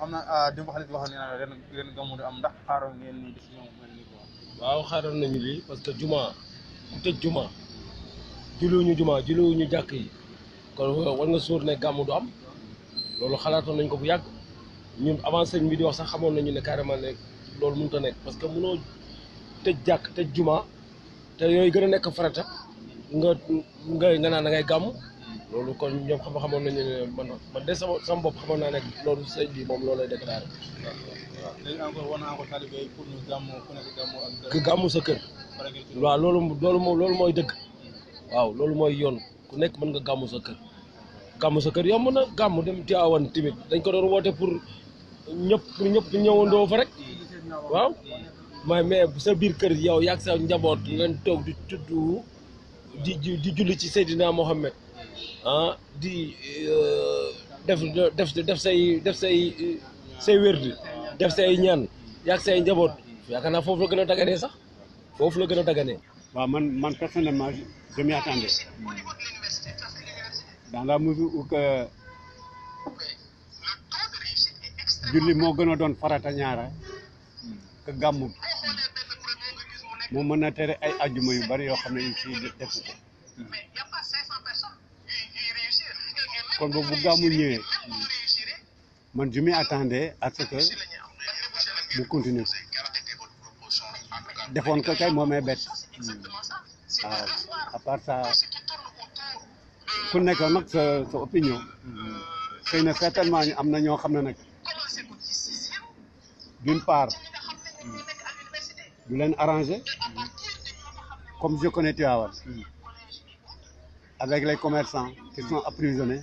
am na ah, dimba xalis boo xam ne ren ren gàmmu du am ndax xaaroon ngeen ni décision mel ni ko waaw xaaroon nañu lii parce que juma ku tëj juma julliwuñu juma julliwuñu jàkk yi kon war nga suur ne gàmmu du am loolu xalaatoon nañ ko bu yàgg ñun avant bi di wax sax xamoon nañu ne carrément ne loolu mënut a nekk parce que mënoo tëj jàkk tëj juma te yooyu gën a nekk farata nga nga nga naan da ngay gàmmu lolu kon ñom xam xamoon nañu ne man man dé sama sama bopp xamoon na nek lolu sey bi mom lolay déclarer dañ encore wona naa encore talibé pour ñu gamu ku nek gamu ak. que gamu sa kër. wa lolu lolu moom loolu mooy dëgg. waaw lolu moy yoon ku nek mën nga gamu sa kër. gamu sa kër yom na gamu dem Tiwaawan timit dañ ko doon woté pour ñëpp ñëpp ñëwando fa rek waaw. may mais sa biir kër yow yak sa njabot ngeen tok di tuddu di di julli ci sayidina Mohamed ah di eh, def def def say def say say wérd def say ñaan yaag say njaboot yaakaar naa foofu la gën a daganee sax foofu la gën a daganee. man man personnellement je m'y attendais dans la mesure où que julli moo gën a doon farata ñaara que gàmmu moo mën a ay ajjuma yu bari yoo xam ne ñu ko. Quand vous vous gàmmu man je m'attendais à ce que kay hmm. ah, à part ça sa opinion C'est hmm. na certainement am na ñoo d'une part du arrangé comme je connais avec les commerçants qui sont emprisonnés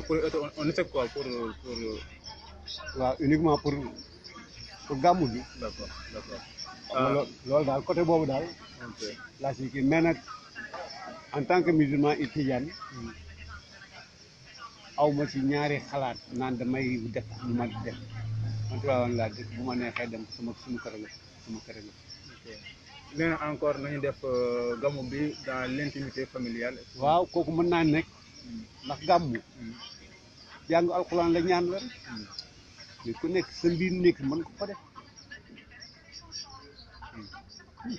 pour on était quoi pour pour waaw uniquement pour pour gàmmu bi. d' accord d' accord. loolu daal côté boobu daal. laa si kii mais nag en tant que musulman et tidiane. aw ma ci ñaari xalaat naan damay def lu ma def man tubaab laa def bu ma dem sama suñu kër la sama kër la. encore nañu def gàmmu bi dans l' intimité familiale. waaw kooku mën naa nekk ndax hmm. gàmmu. Hmm jàng alquran la ñaan la ni ku nek sa mbir nek man ko fa def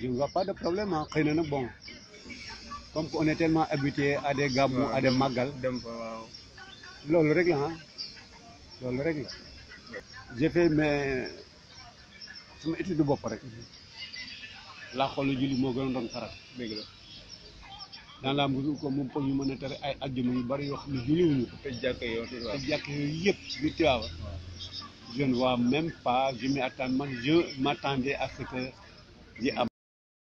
je ne pas hmm. de problème xeyna ah, nak bon comme on est tellement eh, habitué à des gamu à des magal dem fa waaw lolu rek la ah. lolu rek la j'ai fait mes sama étude bop rek la xoolu julli mo gën a doon deug la dans la mesure comme moom foog ñu mën a tere ay ajjuma yu bari yoo xam ne julliwuñu ko. te jàkka yooyu te jàkka yooyu yëpp ñu Tivaouane. je ne vois même pas je m'attends je m'attendais à ce que di